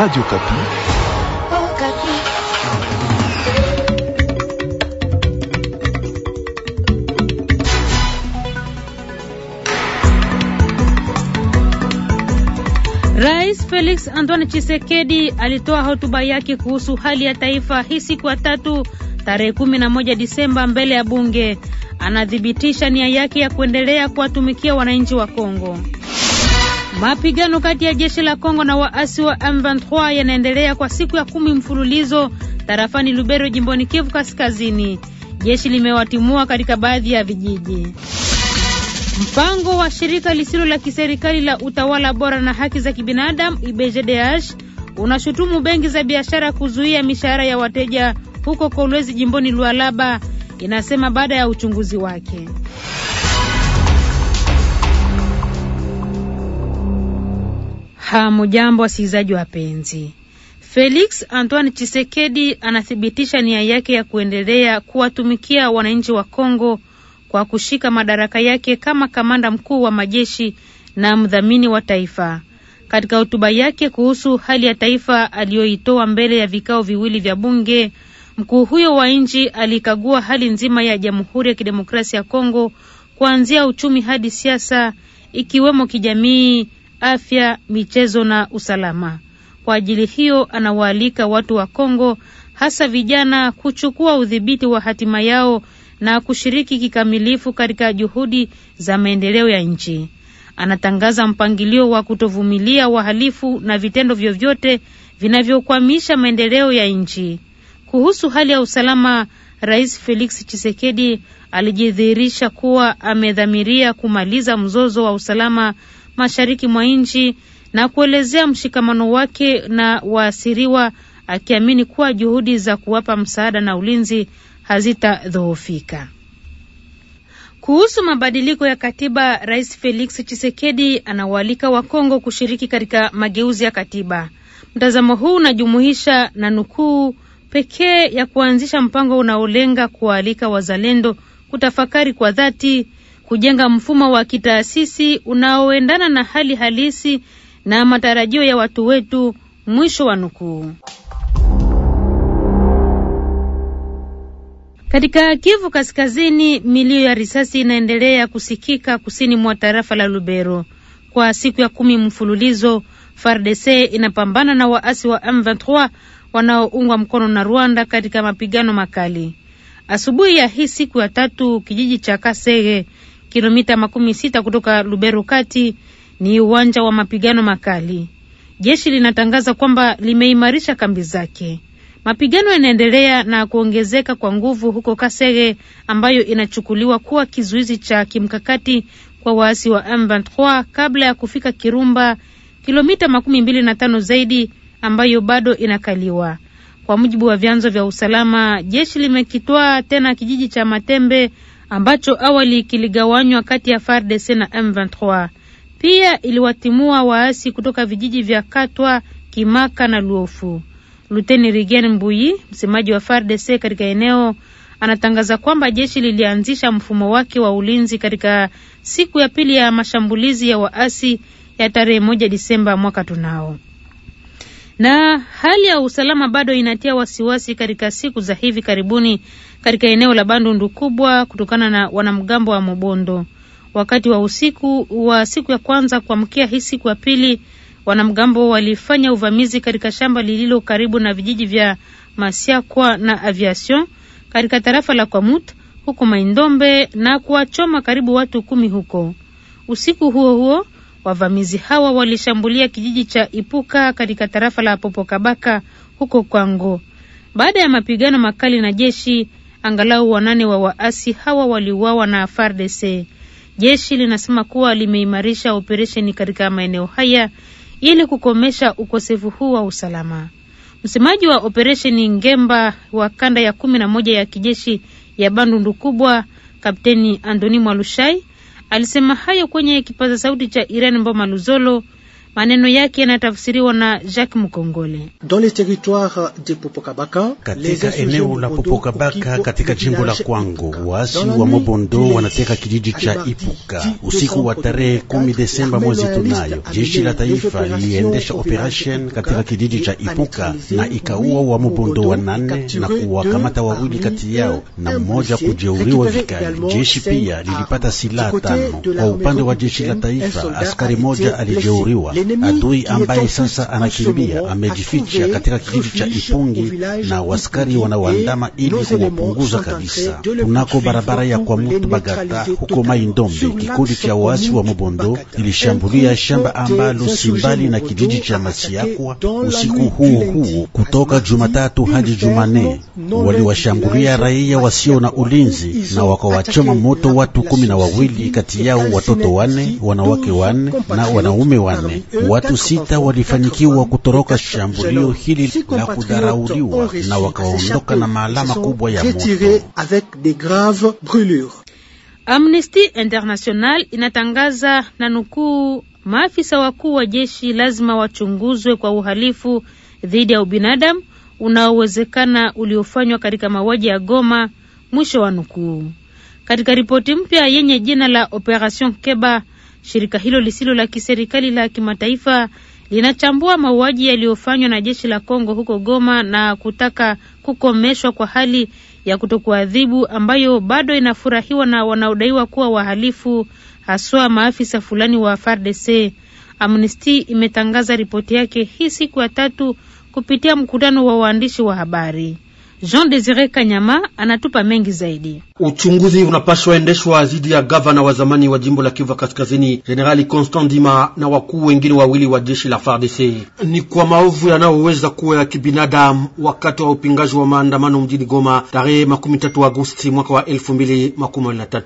Radio Kapi. Oh, Kapi. Rais Felix Antoine Tshisekedi alitoa hotuba yake kuhusu hali ya taifa hii siku ya tatu tarehe 11 Disemba mbele ya bunge. Anathibitisha nia yake ya kuendelea kuwatumikia wananchi wa Kongo. Mapigano kati ya jeshi la Kongo na waasi wa M23 yanaendelea kwa siku ya kumi mfululizo tarafani Lubero jimboni Kivu Kaskazini. Jeshi limewatimua katika baadhi ya vijiji. Mpango wa shirika lisilo la kiserikali la utawala bora na haki za kibinadamu IBJDH unashutumu benki za biashara kuzuia mishahara ya wateja huko Kolwezi jimboni Lualaba, inasema baada ya uchunguzi wake. Hamujambo wasikilizaji wapenzi. Felix Antoine chisekedi anathibitisha nia yake ya kuendelea kuwatumikia wananchi wa Kongo kwa kushika madaraka yake kama kamanda mkuu wa majeshi na mdhamini wa taifa. Katika hotuba yake kuhusu hali ya taifa aliyoitoa mbele ya vikao viwili vya bunge, mkuu huyo wa nchi alikagua hali nzima ya Jamhuri ya Kidemokrasia ya Kongo kuanzia uchumi hadi siasa, ikiwemo kijamii afya, michezo na usalama. Kwa ajili hiyo, anawaalika watu wa Kongo, hasa vijana, kuchukua udhibiti wa hatima yao na kushiriki kikamilifu katika juhudi za maendeleo ya nchi. Anatangaza mpangilio wa kutovumilia wahalifu na vitendo vyovyote vinavyokwamisha maendeleo ya nchi. Kuhusu hali ya usalama, Rais Felix Tshisekedi alijidhihirisha kuwa amedhamiria kumaliza mzozo wa usalama mashariki mwa nchi na kuelezea mshikamano wake na waasiriwa, akiamini kuwa juhudi za kuwapa msaada na ulinzi hazitadhoofika. Kuhusu mabadiliko ya katiba, Rais Felix Tshisekedi anawaalika Wakongo kushiriki katika mageuzi ya katiba. Mtazamo huu unajumuisha na nukuu pekee ya kuanzisha mpango unaolenga kuwaalika wazalendo kutafakari kwa dhati kujenga mfumo wa kitaasisi unaoendana na hali halisi na matarajio ya watu wetu. Mwisho wa nukuu. Katika Kivu Kaskazini, milio ya risasi inaendelea kusikika kusini mwa tarafa la Lubero. Kwa siku ya kumi mfululizo, FARDC inapambana na waasi wa M23 wanaoungwa mkono na Rwanda katika mapigano makali. Asubuhi ya hii siku ya tatu, kijiji cha Kasege kilomita makumi sita kutoka Lubero kati ni uwanja wa mapigano makali. Jeshi linatangaza kwamba limeimarisha kambi zake. Mapigano yanaendelea na kuongezeka kwa nguvu huko Kasege ambayo inachukuliwa kuwa kizuizi cha kimkakati kwa waasi wa M23 kabla ya kufika Kirumba, kilomita makumi mbili na tano zaidi ambayo bado inakaliwa. Kwa mujibu wa vyanzo vya usalama, jeshi limekitwaa tena kijiji cha Matembe ambacho awali kiligawanywa kati ya FARDC na M23. Pia iliwatimua waasi kutoka vijiji vya Katwa, Kimaka na Luofu. Luteni Rigen Mbuyi, msemaji wa FARDC katika eneo, anatangaza kwamba jeshi lilianzisha mfumo wake wa ulinzi katika siku ya pili ya mashambulizi ya waasi ya tarehe moja Disemba mwaka tunao. Na hali ya usalama bado inatia wasiwasi katika siku za hivi karibuni katika eneo la Bandundu kubwa kutokana na wanamgambo wa Mobondo. Wakati wa usiku wa siku ya kwanza kuamkia hii siku ya pili, wanamgambo walifanya uvamizi katika shamba lililo karibu na vijiji vya Masiakwa na Aviation katika tarafa la Kwamut huko Maindombe na kuwachoma karibu watu kumi huko. Usiku huo huo wavamizi hawa walishambulia kijiji cha Ipuka katika tarafa la Popokabaka huko Kwango. Baada ya mapigano makali na jeshi, Angalau wanane wa waasi hawa waliuawa na FARDC. Jeshi linasema kuwa limeimarisha operesheni katika maeneo haya ili kukomesha ukosefu huu wa usalama. Msemaji wa operesheni Ngemba wa kanda ya kumi na moja ya kijeshi ya Bandundu Kubwa, Kapteni Antoni Mwalushai alisema hayo kwenye kipaza sauti cha Irene Mboma Luzolo Maneno yake yanatafsiriwa na Jacques Mkongole. Katika eneo la Popokabaka katika jimbo la Kwango, waasi wa Mobondo wanateka kijiji cha Ipuka usiku wa tarehe kumi Desemba mwezi tunayo. Jeshi la taifa liliendesha operation katika kijiji cha Ipuka na ikaua wa Mobondo wanane na kuwakamata wawili kati yao na mmoja kujeuriwa vikali. Jeshi pia lilipata silaha tano. Kwa upande wa jeshi la taifa, askari moja alijeuriwa adui ambaye sasa anakimbia amejificha katika kijiji cha Ipungi na waskari wanaoandama ili kuwapunguza kabisa. Kunako barabara ya kwa mutu Bagata huko Maindombe, kikundi cha waasi wa Mobondo ilishambulia shamba ambalo simbali na kijiji cha Masiakwa usiku huo huo. Kutoka Jumatatu hadi Jumane waliwashambulia raia wasio na ulinzi na wakawachoma moto watu kumi na wawili, kati yao watoto wane, wanawake wane na wanaume wane. Watu sita walifanikiwa kutoroka shambulio hili la kudharauliwa na wakaondoka na maalama kubwa ya moto. Amnesty International inatangaza na nukuu, maafisa wakuu wa jeshi lazima wachunguzwe kwa uhalifu dhidi ya ubinadamu unaowezekana uliofanywa katika mauaji ya Goma, mwisho wa nukuu. Katika ripoti mpya yenye jina la Operation Keba Shirika hilo lisilo la kiserikali la kimataifa linachambua mauaji yaliyofanywa na jeshi la Kongo huko Goma na kutaka kukomeshwa kwa hali ya kutokuadhibu ambayo bado inafurahiwa na wanaodaiwa kuwa wahalifu, haswa maafisa fulani wa FARDC. Amnesty imetangaza ripoti yake hii siku ya tatu kupitia mkutano wa waandishi wa habari. Jean Desire Kanyama anatupa mengi zaidi. Uchunguzi unapashwa endeshwa dhidi ya gavana wa zamani wa jimbo la Kivu Kaskazini, Generali Constant Dima na wakuu wengine wawili wa jeshi la FARDC ni kwa maovu yanayoweza kuwa ya kibinadamu wakati wa upingaji wa maandamano mjini Goma tarehe 13 Agosti mwaka wa 2023.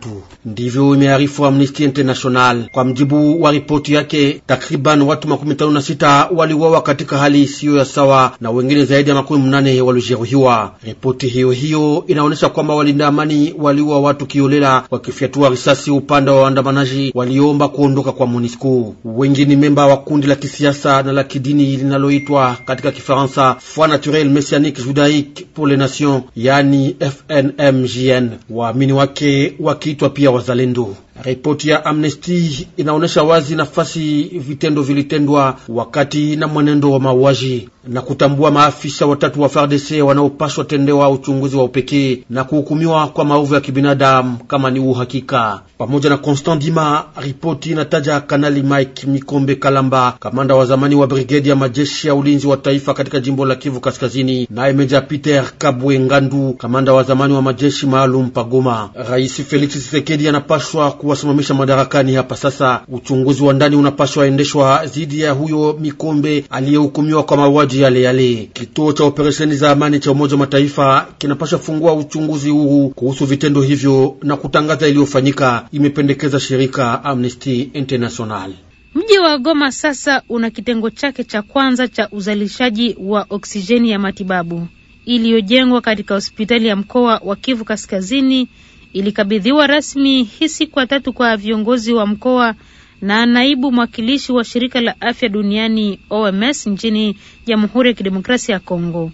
Ndivyo imearifu Amnesty International. Kwa mjibu wa ripoti yake, takriban watu 56 waliuawa katika hali isiyo ya sawa na wengine zaidi ya 18 walijeruhiwa. Ripoti hiyo hiyo inaonyesha kwamba walinda amani waliua watu kiolela, wakifyatua risasi upande wa waandamanaji waliomba kuondoka kwa MONUSCO. Wengi ni memba wa kundi la kisiasa na la kidini linaloitwa katika Kifaransa Foi Naturel Messianique Judaique pour les Nations, yani FNMJN, waamini wake wakiitwa pia wazalendo. Ripoti ya Amnesty inaonyesha wazi nafasi vitendo vilitendwa wakati na mwenendo wa mauaji na kutambua maafisa watatu wa FARDC wanaopaswa tendewa uchunguzi wa upekee na kuhukumiwa kwa maovu ya kibinadamu kama ni uhakika. Pamoja na Constant dima ripoti inataja Kanali Mike Mikombe Kalamba, kamanda wa zamani wa brigedi ya majeshi ya ulinzi wa taifa katika jimbo la Kivu Kaskazini, naye Meja Peter Kabwe Ngandu, kamanda wa zamani wa majeshi maalum Pagoma. Rais Felix Tshisekedi anapaswa kuwasimamisha madarakani hapa sasa. Uchunguzi wa ndani unapashwa endeshwa dhidi ya huyo Mikombe aliyehukumiwa kwa mauaji yale yale. Kituo cha operesheni za amani cha Umoja wa Mataifa kinapashwa fungua uchunguzi huu kuhusu vitendo hivyo na kutangaza iliyofanyika, imependekeza shirika Amnesty International. Mji wa Goma sasa una kitengo chake cha kwanza cha uzalishaji wa oksijeni ya matibabu iliyojengwa katika hospitali ya mkoa wa Kivu Kaskazini ilikabidhiwa rasmi hii siku ya tatu kwa viongozi wa mkoa na naibu mwakilishi wa shirika la afya duniani OMS nchini Jamhuri ya Kidemokrasia ya Kongo.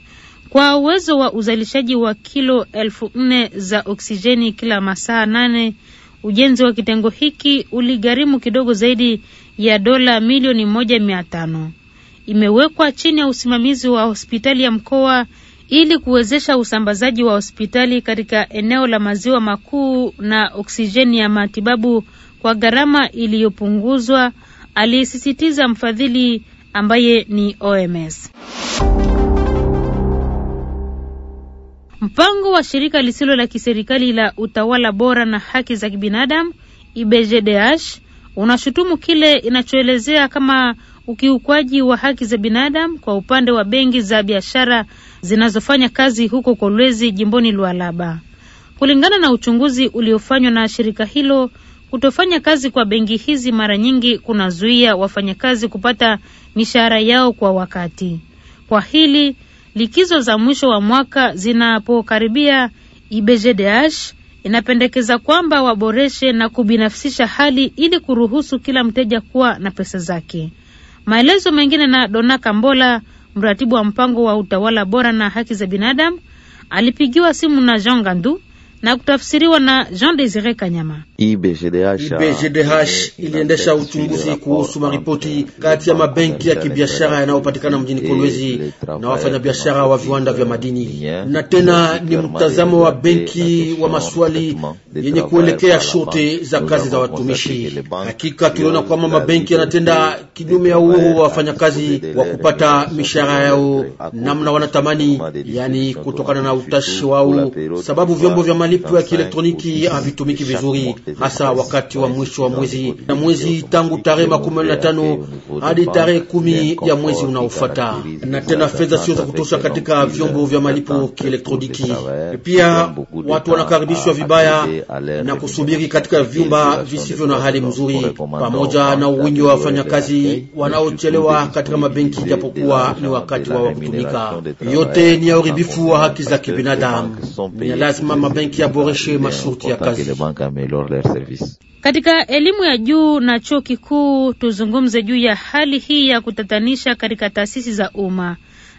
Kwa uwezo wa uzalishaji wa kilo elfu nne za oksijeni kila masaa nane, ujenzi wa kitengo hiki uligharimu kidogo zaidi ya dola milioni moja mia tano. Imewekwa chini ya usimamizi wa hospitali ya mkoa ili kuwezesha usambazaji wa hospitali katika eneo la maziwa makuu na oksijeni ya matibabu kwa gharama iliyopunguzwa, alisisitiza mfadhili ambaye ni OMS. Mpango wa shirika lisilo la kiserikali la utawala bora na haki za kibinadamu IBJDH unashutumu kile inachoelezea kama ukiukwaji wa haki za binadamu kwa upande wa benki za biashara zinazofanya kazi huko Kolwezi jimboni Lualaba. Kulingana na uchunguzi uliofanywa na shirika hilo, kutofanya kazi kwa benki hizi mara nyingi kunazuia wafanyakazi kupata mishahara yao kwa wakati. Kwa hili, likizo za mwisho wa mwaka zinapokaribia, IBGDH inapendekeza kwamba waboreshe na kubinafsisha hali ili kuruhusu kila mteja kuwa na pesa zake. Maelezo mengine na Dona Kambola mratibu wa mpango wa utawala bora na haki za binadamu, alipigiwa simu na Jean Gandu na kutafsiriwa na Jean Desire Kanyama. IBGDH iliendesha uchunguzi kuhusu maripoti kati ya mabenki ya kibiashara yanayopatikana mjini Kolwezi na wafanyabiashara wa viwanda vya madini, na tena ni mtazamo wa benki wa maswali yenye kuelekea shote za kazi za watumishi. Hakika tuliona kwamba mabenki yanatenda kinyume ya uhuru wa wafanyakazi wa kupata mishahara yao namna wanatamani, yani kutokana na utashi wao, sababu vyombo vya malipo ya kielektroniki havitumiki vizuri, hasa wakati wa mwisho wa mwezi na mwezi tangu tarehe makumi na tano hadi tarehe kumi ya mwezi unaofuata, na tena fedha sio za kutosha katika vyombo vya malipo kielektroniki. Pia watu wanakaribishwa vibaya na kusubiri katika vyumba visivyo na hali mzuri, pamoja na uwingi wa wafanyakazi wanaochelewa katika mabenki, japokuwa ni wakati wa kutumika. Yote ni ya uharibifu wa haki za kibinadamu. Ni lazima mabenki masharti yaboreshe masharti ya kazi. Katika elimu ya juu na chuo kikuu, tuzungumze juu ya hali hii ya kutatanisha katika taasisi za umma.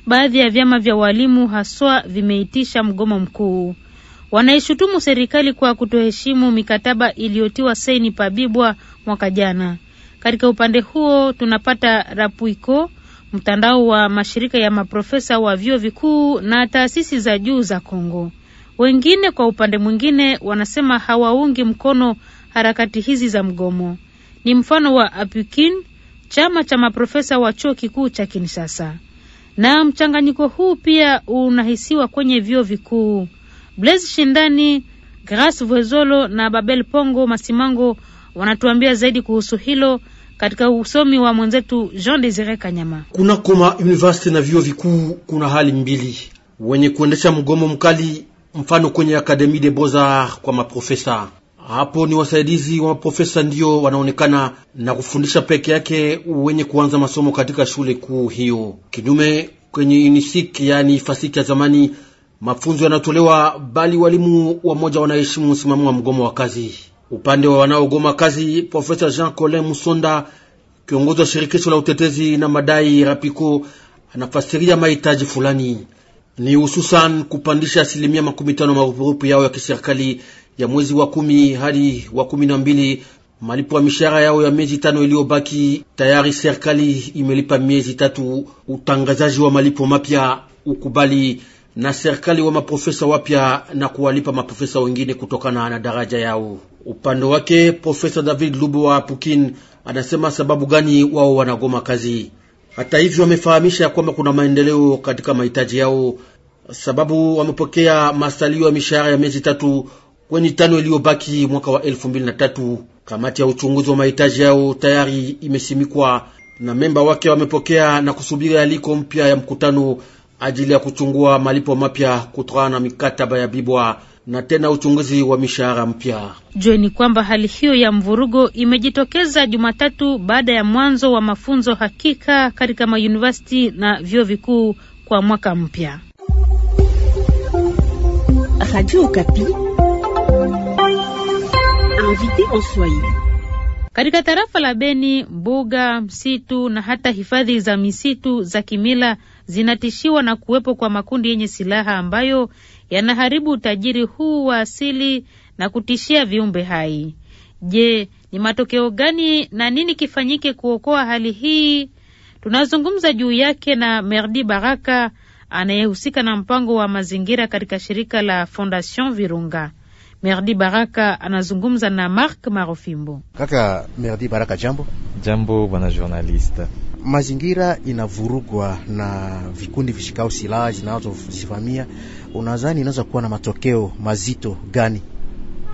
Baadhi ya vyama vya walimu haswa vimeitisha mgomo mkuu. Wanaishutumu serikali kwa kutoheshimu mikataba iliyotiwa saini Pabibwa mwaka jana. Katika upande huo tunapata Rapuiko, mtandao wa mashirika ya maprofesa wa vyuo vikuu na taasisi za juu za Kongo. Wengine kwa upande mwingine wanasema hawaungi mkono harakati hizi za mgomo. Ni mfano wa APUKIN, chama cha maprofesa wa chuo kikuu cha Kinshasa, na mchanganyiko huu pia unahisiwa kwenye vyuo vikuu. Blaise Shindani, Grace Vezolo na Babel Pongo Masimango wanatuambia zaidi kuhusu hilo katika usomi wa mwenzetu Jean Desire Kanyama. Kuna koma university na vyuo vikuu kuna hali mbili, wenye kuendesha mgomo mkali mfano kwenye Akademi de Beaux-Arts kwa maprofesa. Hapo ni wasaidizi wa maprofesa ndio wanaonekana na kufundisha peke yake wenye kuanza masomo katika shule kuu hiyo. Kinyume kwenye unisik yaani fasiki ya zamani, mafunzo yanayotolewa, bali walimu wamoja wanaheshimu msimamo wa mgomo wa kazi. Upande wa wanaogoma kazi, Profesa Jean Colin Musonda, kiongozi wa shirikisho la utetezi na madai Rapiko, anafasiria mahitaji fulani ni hususan kupandisha asilimia makumi tano marupurupu yao ya kiserikali ya mwezi wa kumi hadi wa kumi na mbili malipo ya mishahara yao ya miezi tano iliyobaki. Tayari serikali imelipa miezi tatu. Utangazaji wa malipo mapya ukubali na serikali wa maprofesa wapya na kuwalipa maprofesa wengine kutokana na daraja yao. Upande wake Profesa David Lubo wa Pukin anasema sababu gani wao wanagoma kazi hata hivyo, wamefahamisha kwamba kuna maendeleo katika mahitaji yao, sababu wamepokea masalio ya mishahara ya miezi tatu kwenye tano iliyobaki mwaka wa elfu mbili na tatu. Kamati ya uchunguzi wa mahitaji yao tayari imesimikwa na memba wake wamepokea na kusubiri aliko mpya ya mkutano ajili ya kuchungua malipo mapya kutokana na mikataba ya Bibwa na tena uchunguzi wa mishahara mpya. jue ni kwamba hali hiyo ya mvurugo imejitokeza Jumatatu baada ya mwanzo wa mafunzo hakika katika mayunivasiti na vyuo vikuu kwa mwaka mpya. Katika tarafa la Beni, mbuga, msitu na hata hifadhi za misitu za kimila zinatishiwa na kuwepo kwa makundi yenye silaha ambayo yanaharibu utajiri huu wa asili na kutishia viumbe hai. Je, ni matokeo gani na nini kifanyike kuokoa hali hii? Tunazungumza juu yake na Merdi Baraka anayehusika na mpango wa mazingira katika shirika la Fondation Virunga. Merdi Baraka anazungumza na Mark Marofimbo. Kaka Merdi Baraka, jambo. Jambo bwana journaliste mazingira inavurugwa na vikundi vishikao silaha zinazozivamia, unadhani inaweza kuwa na matokeo mazito gani?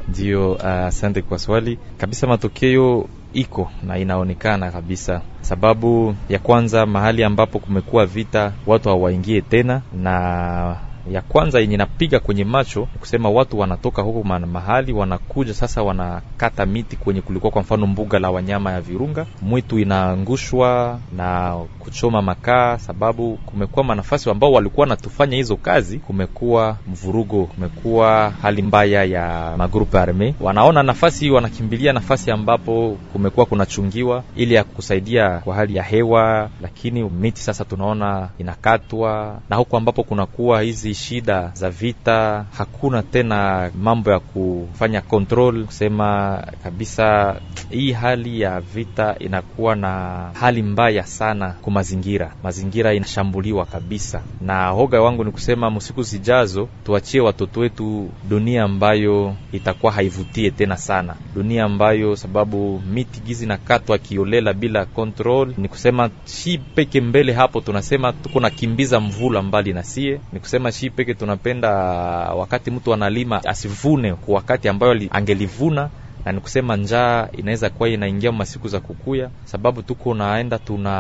ndio asante uh, kwa swali kabisa. Matokeo iko na inaonekana kabisa. Sababu ya kwanza, mahali ambapo kumekuwa vita watu hawaingie tena na ya kwanza yenye napiga kwenye macho kusema watu wanatoka huko mahali wanakuja sasa, wanakata miti kwenye kulikuwa kwa mfano mbuga la wanyama ya Virunga, mwitu inaangushwa na kuchoma makaa, sababu kumekuwa manafasi ambao walikuwa natufanya hizo kazi, kumekuwa mvurugo, kumekuwa hali mbaya ya magrupe arme, wanaona nafasi, wanakimbilia nafasi ambapo kumekuwa kunachungiwa ili ya kusaidia kwa hali ya hewa, lakini miti sasa tunaona inakatwa na huko ambapo kunakuwa hizi shida za vita, hakuna tena mambo ya kufanya control, kusema kabisa hii hali ya vita inakuwa na hali mbaya sana kwa mazingira. Mazingira inashambuliwa kabisa, na hoga wangu ni kusema msiku zijazo tuachie watoto wetu dunia ambayo itakuwa haivutie tena sana, dunia ambayo sababu miti gizi na katwa kiolela bila control. Ni kusema shi peke mbele hapo tunasema tuko nakimbiza mvula mbali na sie, ni kusema si peke tunapenda wakati mtu analima asivune kwa wakati ambayo angelivuna na ni kusema njaa inaweza kuwa inaingia masiku za kukuya, sababu tuko naenda tuna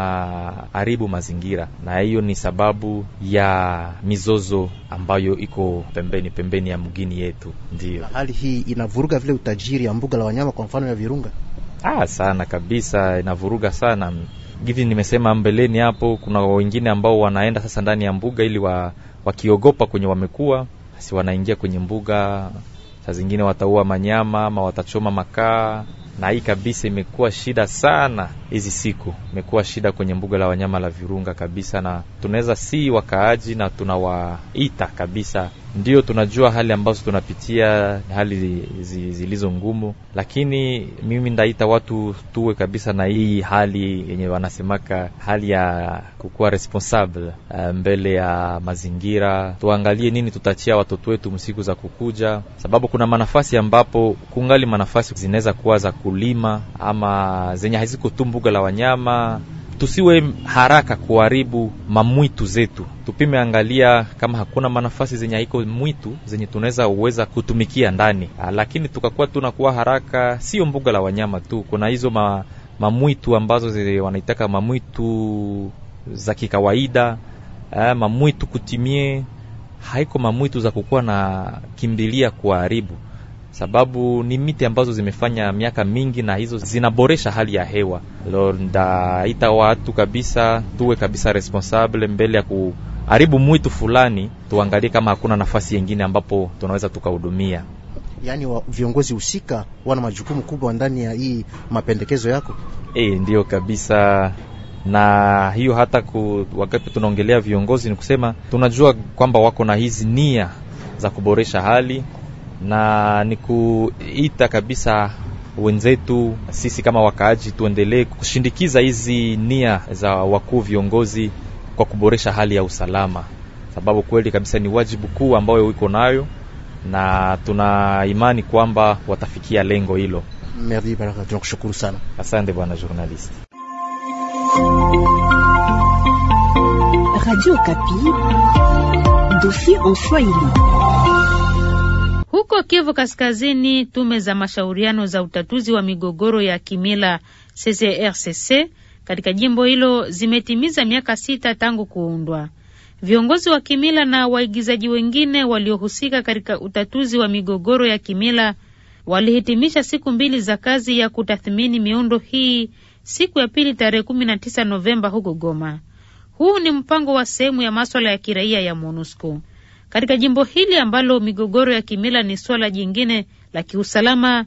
haribu mazingira, na hiyo ni sababu ya mizozo ambayo iko pembeni pembeni ya mgini yetu. Ndio hali hii inavuruga vile utajiri ya mbuga la wanyama, kwa mfano ya Virunga. Ah, sana kabisa, inavuruga sana. Givi nimesema mbeleni hapo, kuna wengine ambao wanaenda sasa ndani ya mbuga ili wa wakiogopa kwenye wamekuwa, basi wanaingia kwenye mbuga, saa zingine wataua manyama ama watachoma makaa na hii kabisa imekuwa shida sana hizi siku, imekuwa shida kwenye mbuga la wanyama la Virunga kabisa, na tunaweza si wakaaji na tunawaita kabisa ndio tunajua hali ambazo tunapitia hali zilizo ngumu, lakini mimi ndaita watu tuwe kabisa na hii hali yenye wanasemaka hali ya kukuwa responsable eh, mbele ya mazingira. Tuangalie nini tutachia watoto wetu msiku za kukuja, sababu kuna manafasi ambapo kungali manafasi zinaweza kuwa za kulima ama zenye haziko tu mbuga la wanyama tusiwe haraka kuharibu mamwitu zetu, tupime angalia kama hakuna manafasi zenye haiko mwitu zenye tunaweza uweza kutumikia ndani, ah, lakini tukakuwa tunakuwa haraka. Sio mbuga la wanyama tu, kuna hizo ma, mamwitu ambazo wanaitaka mamwitu za kikawaida, ah, mamwitu kutimie, haiko mamwitu za kukuwa na kimbilia kuharibu sababu ni miti ambazo zimefanya miaka mingi na hizo zinaboresha hali ya hewa. Lo, ndaita watu kabisa, tuwe kabisa responsable mbele ya kuharibu mwitu fulani, tuangalie kama hakuna nafasi yengine ambapo tunaweza tukahudumia. Yaani wa, viongozi husika wana majukumu kubwa ndani ya hii mapendekezo yako? E, ndiyo kabisa na hiyo hata ku, wakati tunaongelea viongozi ni kusema tunajua kwamba wako na hizi nia za kuboresha hali na ni kuita kabisa wenzetu sisi kama wakaaji tuendelee kushindikiza hizi nia za wakuu viongozi kwa kuboresha hali ya usalama, sababu kweli kabisa ni wajibu kuu ambayo wiko nayo, na tuna imani kwamba watafikia lengo hilo. Merci Baraka, tunakushukuru sana. Asante bwana journalist. Radio Kapi, dossier en Swahili. Huko Kivu Kaskazini, tume za mashauriano za utatuzi wa migogoro ya kimila CCRCC katika jimbo hilo zimetimiza miaka sita tangu kuundwa. Viongozi wa kimila na waigizaji wengine waliohusika katika utatuzi wa migogoro ya kimila walihitimisha siku mbili za kazi ya kutathmini miundo hii siku ya pili tarehe 19 Novemba huko Goma. Huu ni mpango wa sehemu ya maswala ya kiraia ya MONUSCO katika jimbo hili ambalo migogoro ya kimila ni swala jingine la kiusalama.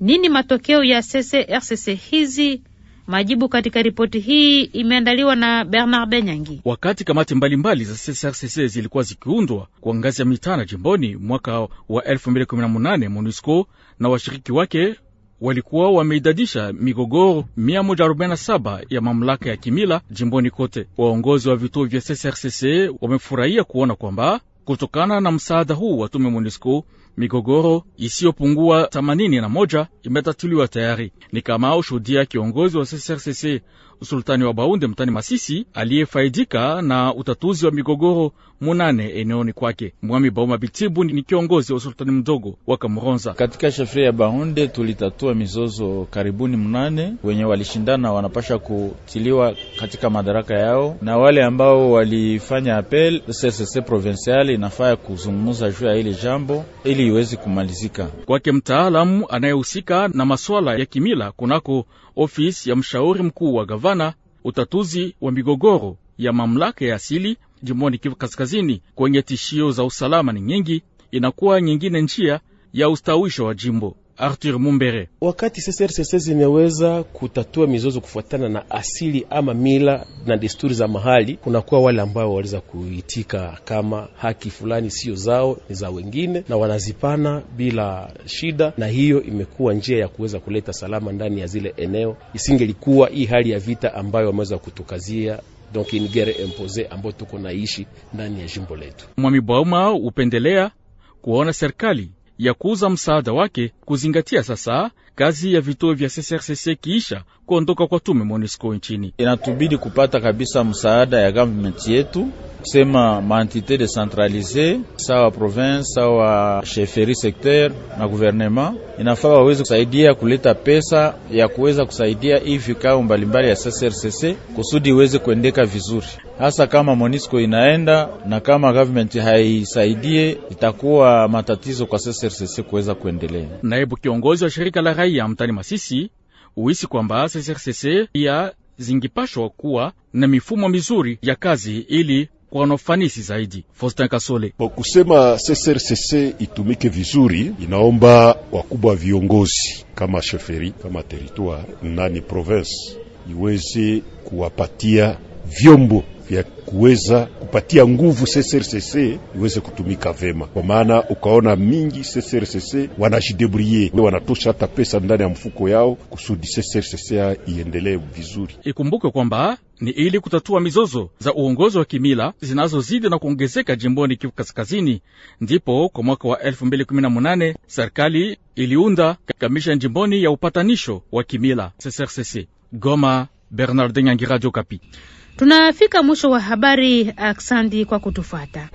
Nini matokeo ya CCRCC hizi? Majibu katika ripoti hii imeandaliwa na Bernard Benyangi. Wakati kamati mbalimbali za CCRCC zilikuwa zikiundwa kwa ngazi ya mitana jimboni mwaka wa 2018 MONUSCO na washiriki wake walikuwa wameidadisha migogoro 147 ya mamlaka ya kimila jimboni kote. Waongozi wa vituo vya CCRCC wamefurahia kuona kwamba Kutokana na msaada huu wa tume MONUSCO migogoro isiyopungua 81 imetatuliwa tayari, ni kama ushuhudia kiongozi wa CCRCC usultani wa Baunde mtani Masisi aliyefaidika na utatuzi wa migogoro munane eneoni kwake. Mwami Bauma Bitibu ni kiongozi wa usultani mdogo wa Kamuronza katika shafria ya Baunde. Tulitatua mizozo karibuni mnane, wenye walishindana wanapasha kutiliwa katika madaraka yao, na wale ambao walifanya apel CCC provincial inafaa kuzungumuza juu ya hili jambo ili iweze kumalizika. Kwake mtaalamu anayehusika na masuala ya kimila kunako ofisi ya mshauri mkuu wa gavana, utatuzi wa migogoro ya mamlaka ya asili jimboni Kivu Kaskazini, kwenye tishio za usalama ni nyingi, inakuwa nyingine njia ya ustawisho wa jimbo. Arthur Mumbere. Wakati CCRCC zimeweza kutatua mizozo kufuatana na asili ama mila na desturi za mahali, kunakuwa wale ambao waliweza kuitika kama haki fulani sio zao, ni za wengine, na wanazipana bila shida, na hiyo imekuwa njia ya kuweza kuleta salama ndani ya zile eneo. Isingelikuwa hii hali ya vita ambayo wameweza kutukazia donc une guerre imposée ambayo tuko naishi ndani ya jimbo letu. Mwami Bauma upendelea kuona serikali ya kuuza msaada wake kuzingatia sasa kazi ya vituo vya SSRCC kiisha kuondoka kwa tume MONUSCO nchini. Inatubidi kupata kabisa msaada ya government yetu kusema maentité decentralisée sawa province sawa chefferie secteur na gouvernement inafaa waweze kusaidia kuleta pesa ya kuweza kusaidia hii vikao mbalimbali ya ssrcc kusudi iweze kuendeka vizuri, hasa kama MONUSCO inaenda na kama government haisaidie, itakuwa matatizo kwa ssrcc kuweza kuendelea. Naibu kiongozi wa shirika la raia mtani Masisi uhisi kwamba SSRCC pia zingipashwa kuwa na mifumo mizuri ya kazi ili kwa zaidi. Faustin Kasole kwa kusema SSRCC itumike vizuri, inaomba wakubwa viongozi kama sheferi kama teritoire nani province iweze kuwapatia vyombo ya kuweza kupatia nguvu CCRCC iweze kutumika vema, kwa maana ukaona mingi CCRCC wanajidebrier, wanatosha hata pesa ndani ya mfuko yao kusudi CCRCC iendelee vizuri. Ikumbuke kwamba ni ili kutatua mizozo za uongozi wa kimila zinazozidi na kuongezeka jimboni Kivu Kaskazini, ndipo kwa mwaka wa 2018 serikali iliunda kamisha jimboni ya upatanisho wa kimila CCRCC. Goma, Bernardin Yangi, Radio Kapi. Tunafika mwisho wa habari. Aksandi kwa kutufuata.